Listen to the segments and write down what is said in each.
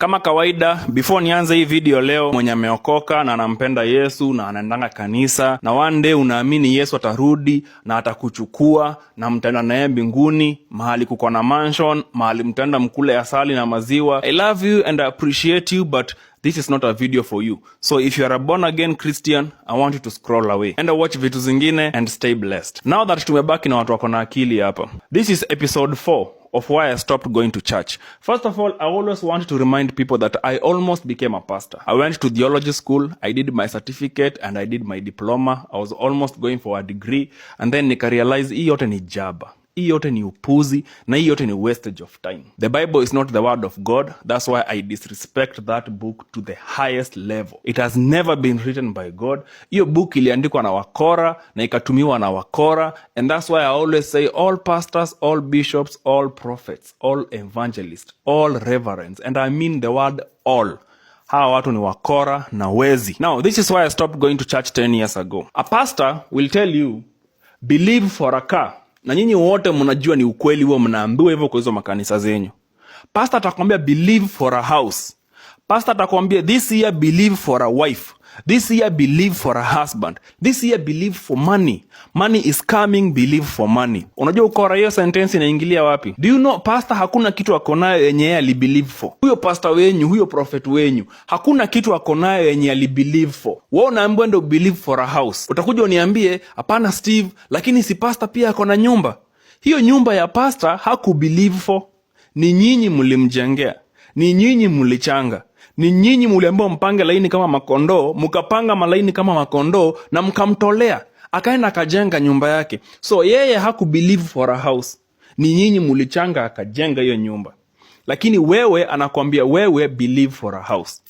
Kama kawaida before nianze hii video leo, mwenye ameokoka na anampenda Yesu na anaendanga kanisa na one day unaamini Yesu atarudi na atakuchukua na mtaenda naye mbinguni, mahali kuko na mansion, mahali mtaenda mkule asali na maziwa. I love you and I appreciate you but This is not a video for you. So if you are a born again Christian, I want you to scroll away. and watch vitu zingine and stay blessed. Now that tumebaki na watu wako na akili hapa. This is episode 4 of why I stopped going to church. First of all, I always want to remind people that I almost became a pastor. I went to theology school, I did my certificate and I did my diploma. I was almost going for a degree and then nikarealize hii yote ni jaba. Hii yote ni upuzi na hii yote ni wastage of time. The Bible is not the word of God. That's why I disrespect that book to the highest level. It has never been written by God. Hiyo book iliandikwa na wakora na ikatumiwa na wakora, and that's why I always say all pastors, all bishops, all prophets, all evangelists, all reverends, and I mean the word all Hawa watu ni wakora na wezi. Now this is why I stopped going to church 10 years ago. A pastor will tell you believe for a car na nyinyi wote mnajua ni ukweli huo, mnaambiwa hivyo kwa hizo makanisa zenyu. pasta atakwambia believe for a house. pasta atakwambia this year believe for a wife. This year believe for a husband. This year believe for money. Money is coming, believe for money. Unajua ukora hiyo sentence inaingilia wapi? Do you know pastor hakuna kitu akonayo yenye yeye alibelieve for. Huyo pastor wenyu, huyo prophet wenyu, hakuna kitu akonayo yenye alibelieve for. Wewe unaambiwa ndio believe for a house. Utakuja uniambie, hapana Steve, lakini si pastor pia akona nyumba. Hiyo nyumba ya pastor hakubelieve for. Ni nyinyi mlimjengea. Ni nyinyi mlichanga. Ni nyinyi muliambiwa mpange laini kama makondoo, mkapanga malaini kama makondoo na mkamtolea, akaenda akajenga nyumba yake. So yeye hakubelieve for a house, ni nyinyi mulichanga akajenga hiyo nyumba. Lakini wewe anakwambia wewe believe for a house.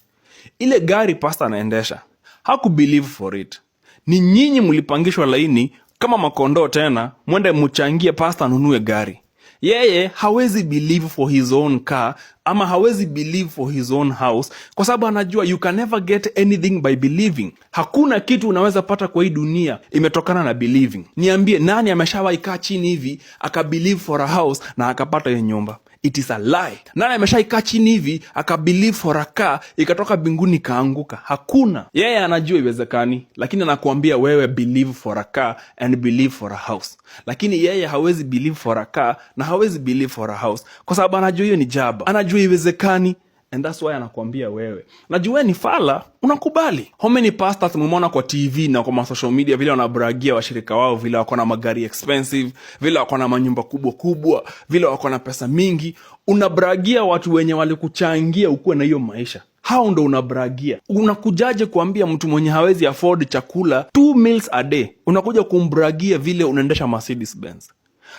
Ile gari pasta anaendesha hakubelieve for it, ni nyinyi mlipangishwa laini kama makondoo, tena mwende mchangie pasta anunue gari. Yeye hawezi believe for his own car ama hawezi believe for his own house, kwa sababu anajua you can never get anything by believing. Hakuna kitu unaweza pata kwa hii dunia imetokana na believing. Niambie, nani ameshawahi kaa chini hivi akabelieve for a house na akapata hiyo nyumba? it is a lie. Nani ameshaikaa chini hivi akabelieve for a car ikatoka binguni ikaanguka? Hakuna. Yeye yeah, anajua iwezekani, lakini anakuambia wewe believe for a car and believe for a house, lakini yeye yeah, hawezi believe for a car na hawezi believe for a house kwa sababu anajua hiyo ni jaba, anajua iwezekani. And that's why anakuambia wewe, najua ni fala, unakubali. How many pastors mumeona kwa TV na kwa social media, vile wanabragia washirika wao, vile wako na magari expensive, vile wako na manyumba kubwa kubwa, vile wako na pesa mingi. Unabragia watu wenye walikuchangia ukuwe na hiyo maisha, hao ndo unabragia. Unakujaje kuambia mtu mwenye hawezi afford chakula two meals a day, unakuja kumbragia vile unaendesha Mercedes Benz,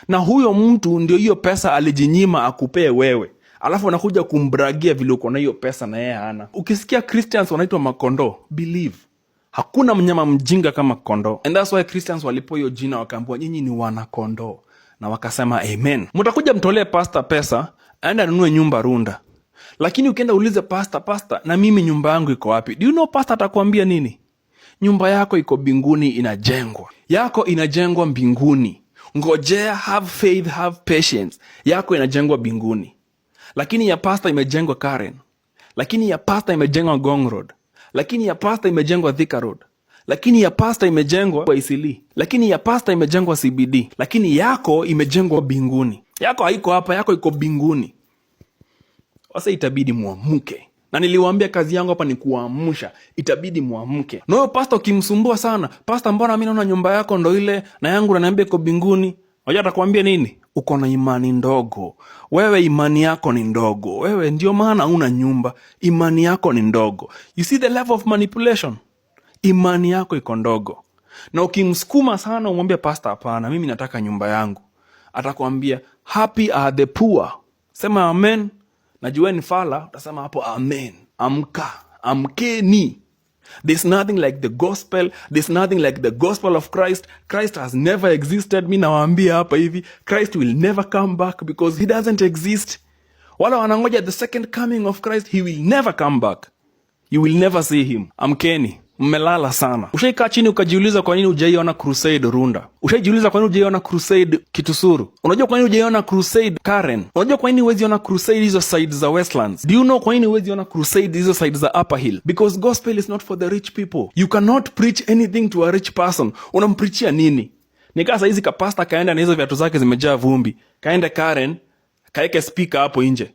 na huyo mtu ndio hiyo pesa alijinyima akupee wewe alafu wanakuja kumbragia vile uko na hiyo pesa na yeye hana. Ukisikia Christians wanaitwa makondo believe hakuna mnyama mjinga kama kondo and that's why Christians walipo hiyo jina wakaambua nyinyi ni wanakondoo, na wakasema amen. Mtakuja mtolee pasta pesa aende anunue nyumba Runda, lakini ukienda ulize pasta, pasta, na mimi nyumba yangu iko wapi? Do you know pasta atakuambia nini? Nyumba yako iko mbinguni, inajengwa yako inajengwa mbinguni. Ngojea, have faith, have patience, yako inajengwa mbinguni lakini ya pasta imejengwa Karen, lakini ya pasta imejengwa Ngong Road, lakini ya pasta imejengwa Thika Road, lakini ya pasta imejengwa kwa Isili, lakini ya pasta imejengwa CBD, lakini yako imejengwa binguni. Yako haiko hapa, yako iko binguni. Sasa itabidi muamuke na niliwaambia kazi yangu hapa ni kuamsha, itabidi mwamke. Na huyo pasta ukimsumbua sana, pasta, mbona mi naona nyumba yako ndo ile na yangu naniambia iko binguni, wajua atakuambia nini? uko na imani ndogo, wewe imani yako ni ndogo, wewe ndio maana una nyumba, imani yako ni ndogo. You see the level of manipulation, imani yako iko ndogo. Na ukimsukuma sana, umwambia pasta, hapana, mimi nataka nyumba yangu, atakwambia happy are the poor. Sema amen, najueni fala, utasema hapo amen. Amka, amkeni. There's nothing like the gospel, there's nothing like the gospel of Christ. Christ has never existed. Mi nawaambia hapa hivi, Christ will never come back because he doesn't exist. Wala wanangoja the second coming of Christ, he will never come back. You will never see him. Amkeni mmelala sana. Ushaikaa chini ukajiuliza kwa nini hujaiona crusade Runda? Ushaijiuliza kwa nini hujaiona crusade Kitusuru? Unajua kwa nini hujaiona crusade Karen? Unajua kwa nini huwezi ona crusade hizo side za Westlands? Do you know kwa nini huwezi ona crusade hizo side za Upper Hill? Because gospel is not for the rich people. You cannot preach anything to a rich person. Unamprichia nini? Nikaa saa hizi kapasta kaenda na hizo viatu zake zimejaa vumbi, kaende Karen kaeke spika hapo nje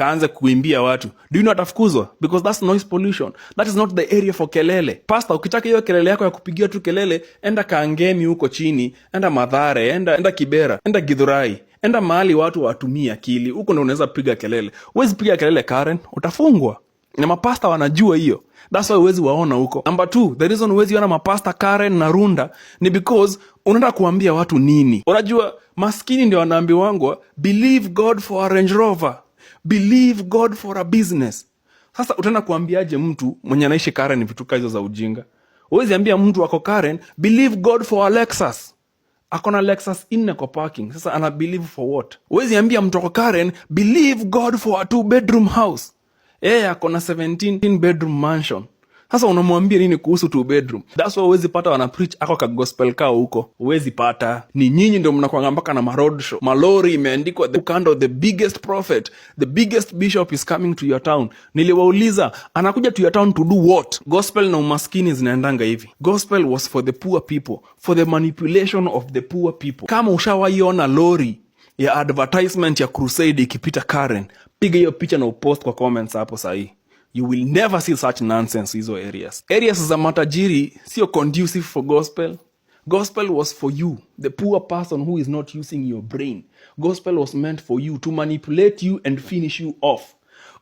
kaanze kuimbia watu, do you know atafukuzwa? Because that's noise pollution, that is not the area for kelele. Pasta, ukitaka hiyo kelele yako ya kupigia tu kelele, enda Kaangemi huko chini, enda Madhare, enda, enda Kibera, enda gidhurai enda mahali watu watumie akili, huko ndo unaweza piga kelele. uwezi piga kelele Karen, utafungwa na mapasta wanajua hiyo, that's why uwezi waona huko. namba t the reason uwezi ona mapasta Karen na Runda ni because unaenda kuambia watu nini? Unajua maskini ndio wanaambiwangwa believe God for a Range Rover. Believe God for a business. Sasa utaenda kuambiaje mtu mwenye anaishi Karen vituka hizo za ujinga? Uwezi ambia mtu ako Karen, believe God for alexas akona Ako na Lexus inne kwa parking. Sasa ana believe for what? Uwezi ambia mtu ako Karen, believe God for a two bedroom house. Yeye ako na 17 bedroom mansion. Sasa unamwambia nini kuhusu two bedroom? That's why uwezi pata wana preach ako ka gospel kao huko, uwezi pata. Ni nyinyi ndio mnakwanga mpaka na marodsho malori imeandikwa the kando, the biggest prophet, the biggest bishop is coming to your town. Niliwauliza anakuja to your town to do what? Gospel na umaskini zinaendanga hivi. Gospel was for the poor people, for the manipulation of the poor people. Kama ushawaiona lori ya advertisement ya crusade ikipita Karen, piga hiyo picha na upost kwa comments hapo sahii. You will never see such nonsense hizo areas. Areas za matajiri sio conducive for gospel. Gospel was for you, the poor person who is not using your brain. Gospel was meant for you to manipulate you and finish you off.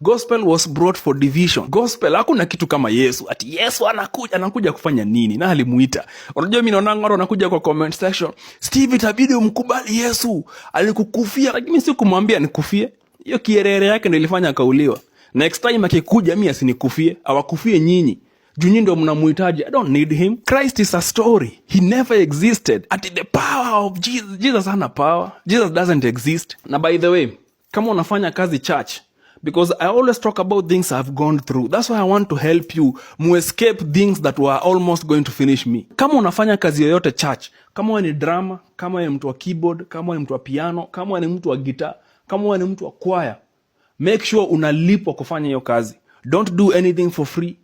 Gospel was brought for division. Gospel hakuna kitu kama Yesu ati Yesu anakuja anakuja kufanya nini? Na alimuita. Unajua mimi naona ngoro anakuja kwa comment section. Steve, itabidi umkubali Yesu. Alikukufia, lakini si kumwambia nikufie. Hiyo kierere yake ndio ilifanya akauliwa. Next time akikuja mi asinikufie, awakufie nyinyi. juu Junyi ndo mnamuhitaji. I don't need him. Christ is a story. He never existed. At the power of Jesus. Jesus hana power. Jesus doesn't exist. Na by the way, kama unafanya kazi church, because I always talk about things I've gone through. That's why I want to help you mu escape things that were almost going to finish me. Kama unafanya kazi yoyote church, kama wewe ni drama, kama wewe mtu wa keyboard, kama wewe mtu wa piano, kama wewe ni mtu wa guitar, kama wewe ni mtu wa kwaya Make sure unalipwa kufanya hiyo kazi. Don't do anything for free.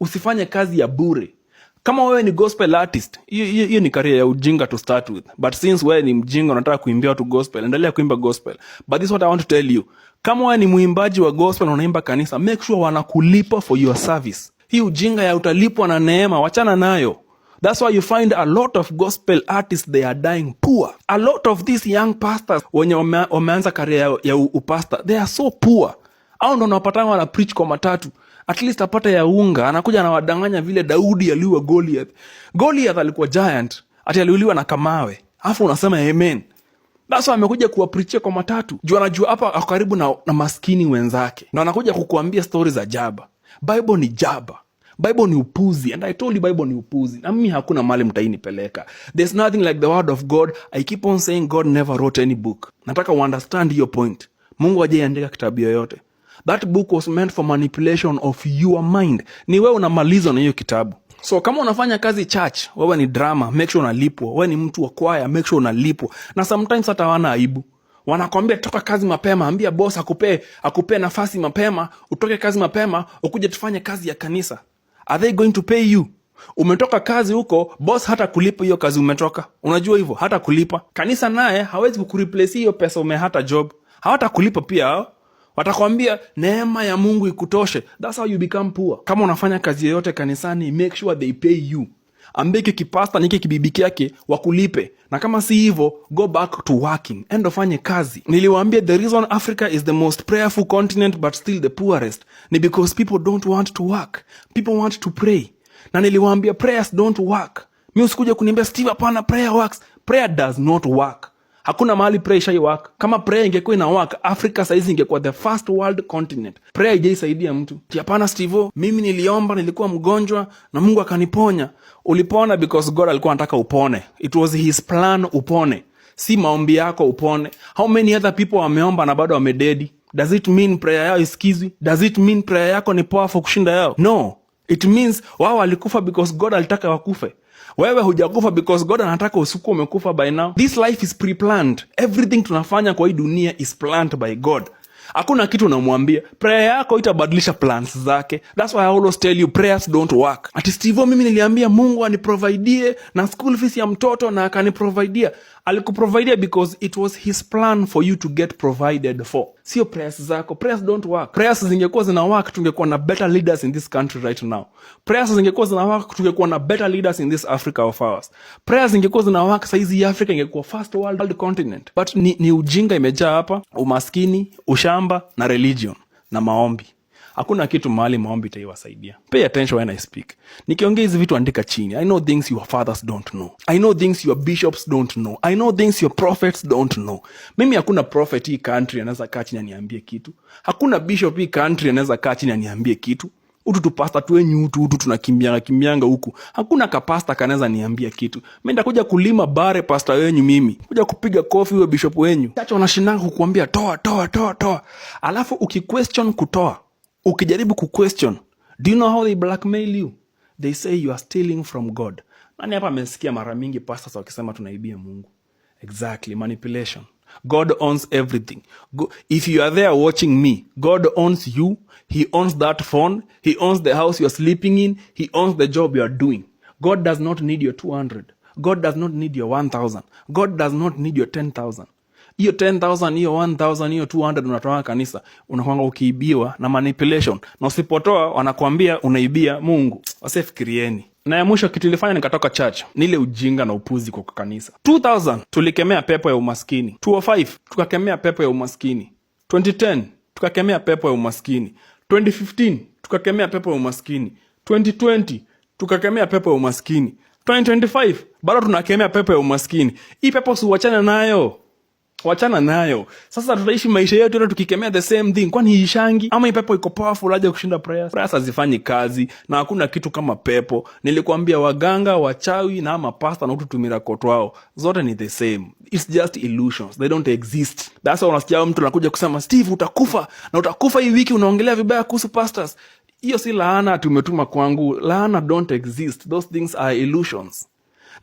Usifanye kazi ya bure. Kama wewe ni gospel artist, hiyo ni karia ya ujinga to start with. But since wewe ni mjinga unataka kuimbia watu gospel, endelea kuimba gospel. But this is what I want to tell you. Kama wewe ni mwimbaji wa gospel unaimba kanisa, make sure wanakulipa for your service. Hii ujinga ya utalipwa na neema, wachana nayo. That's why you find a lot of gospel artists they are dying poor. A lot of these young pastors wenye wameanza career ya upasta they are so poor. Au ndo napatana wana preach kwa matatu at least apate ya unga, anakuja anawadanganya vile Daudi aliua Goliath. Goliath alikuwa giant, ati aliuliwa na kamawe, Afu unasema amen. Basi why amekuja kuwaprichia kwa matatu juu anajua hapa karibu na, na maskini wenzake, na anakuja kukuambia stori za jaba. Bible ni jaba. Bible ni upuzi, and I told you Bible ni upuzi, na mimi hakuna mahali mtainipeleka. There's nothing like the word of God. I keep on saying God never wrote any book. Nataka uunderstand hiyo point. Mungu hajaiandika kitabu yoyote. That book was meant for manipulation of your mind. Ni wewe unamalizwa na hiyo kitabu. So kama unafanya kazi church, wewe ni drama, make sure unalipwa. Wewe ni mtu wa kwaya, make sure unalipwa. Na sometimes hata wana aibu. Wanakwambia toka kazi mapema, ambia bos akupee akupee nafasi mapema, utoke kazi mapema, ukuja tufanye kazi ya kanisa. Are they going to pay you? Umetoka kazi huko, bos hata kulipa hiyo kazi umetoka. Unajua hivyo, hata kulipa. Kanisa naye hawezi kukureplace hiyo pesa umehata job. Hawata kulipa pia hao. Watakwambia neema ya Mungu ikutoshe. That's how you become poor. Kama unafanya kazi yoyote kanisani, make sure they pay you ambie hiki kipasta ni kibibiki kibibi kyake wakulipe na kama si hivyo go back to working endo fanye kazi niliwaambia the reason africa is the most prayerful continent but still the poorest ni because people don't want to work people want to pray na niliwaambia prayers don't work mi usikuja kuniambia steve hapana prayer works prayer does not work Hakuna mahali prayer ishaiwaka. Kama prayer ingekuwa inawaka, Afrika saizi ingekuwa the first world continent. Prayer haijaisaidia mtu. Hapana Stevo, mimi niliomba, nilikuwa mgonjwa na Mungu akaniponya. Ulipona because God alikuwa anataka upone. It was his plan upone, si maombi yako upone. How many other people wameomba na bado wamededi? Does it mean prayer yao isikizwi? Does it mean prayer yako ni powerful kushinda yao? No, it means wao walikufa because God alitaka wakufe. Wewe hujakufa because God anataka usiku umekufa by now. This life is pre-planned. Everything tunafanya kwa hii dunia is planned by God. Hakuna kitu unamwambia, prayer yako itabadilisha plans zake. That's why I always tell you prayers don't work. Ati Steve, mimi niliambia Mungu aniprovaidie na school fees ya mtoto na akaniprovaidia alikuprovidia because it was his plan for you to get provided for, sio prayers zako. Prayers don't work. Prayers zingekuwa zina work, tungekuwa na better leaders in this country right now. Prayers zingekuwa zina work, tungekuwa na better leaders in this Africa of ours. Prayers zingekuwa zina work, saizi Africa ingekuwa first world continent. But ni, ni ujinga imejaa hapa, umaskini, ushamba na religion na maombi. Hakuna kitu mahali maombi itaiwasaidia. Pay attention when I speak. Nikiongea hizi vitu andika chini. I know things your fathers don't know. I know things your bishops don't know. I know things your prophets don't know. Mimi hakuna prophet hii country anaweza kaa chini aniambie kitu. Hakuna bishop hii country anaweza kaa chini aniambie kitu. Utu tupasta tuenyu utu utu tunakimbianga kimbianga huku. Hakuna kapasta kanaweza niambia kitu. mi ntakuja kulima bare pasta wenyu mimi. Kuja kupiga kofi wewe bishop wenyu. Chacho wanashindanga kukuambia toa toa toa toa. Alafu ukiquestion kutoa ukijaribu kuquestion do you know how they blackmail you they say you are stealing from god nani hapa amesikia mara mingi pastors wakisema tunaibia mungu exactly manipulation god owns everything if you are there watching me god owns you he owns that phone he owns the house you are sleeping in he owns the job you are doing god does not need your 200 god does not need your 1000 god does not need your 10000 hiyo 10000 hiyo 1000 hiyo 200 unatoa kanisa, unakwanga ukiibiwa na manipulation, na usipotoa wanakwambia unaibia Mungu. wasefikirieni na ya mwisho kitu ilifanya nikatoka church nile ujinga na upuzi kwa kanisa. 2000 tulikemea pepo ya umaskini, 205 tukakemea pepo ya umaskini, 2010 tukakemea pepo ya umaskini, 2015 tukakemea pepo ya umaskini, 2020 tukakemea pepo ya umaskini, 2025 bado tunakemea pepo ya umaskini. Hii pepo siuachane nayo wachana nayo sasa. Tutaishi maisha yetu ile tukikemea the same thing. Kwani ishangi ama ipepo iko powerful aje kushinda prayers? Prayers hazifanyi kazi na hakuna kitu kama pepo. Nilikwambia waganga, wachawi na ama pasta na ututumira miracle wao zote ni the same, it's just illusions, they don't exist. That's why unasikia mtu anakuja kusema Steve, utakufa na utakufa hii wiki, unaongelea vibaya kuhusu pastors. Hiyo si laana tumetuma kwangu, laana don't exist, those things are illusions.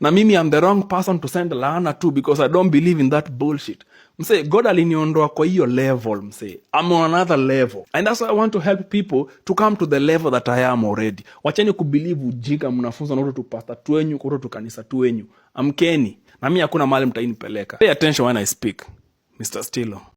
Na mimi am the wrong person to send laana to because I don't believe in that bullshit mse god aliniondoa kwa hiyo level mse I'm on another level and that's why i want to help people to come to the level that i am already wacheni kubelieve ujinga mnafunza na kutotu pasta twenyu kutotu kanisa twenyu amkeni na mi hakuna mahali mtainipeleka pay attention when i speak mr stilo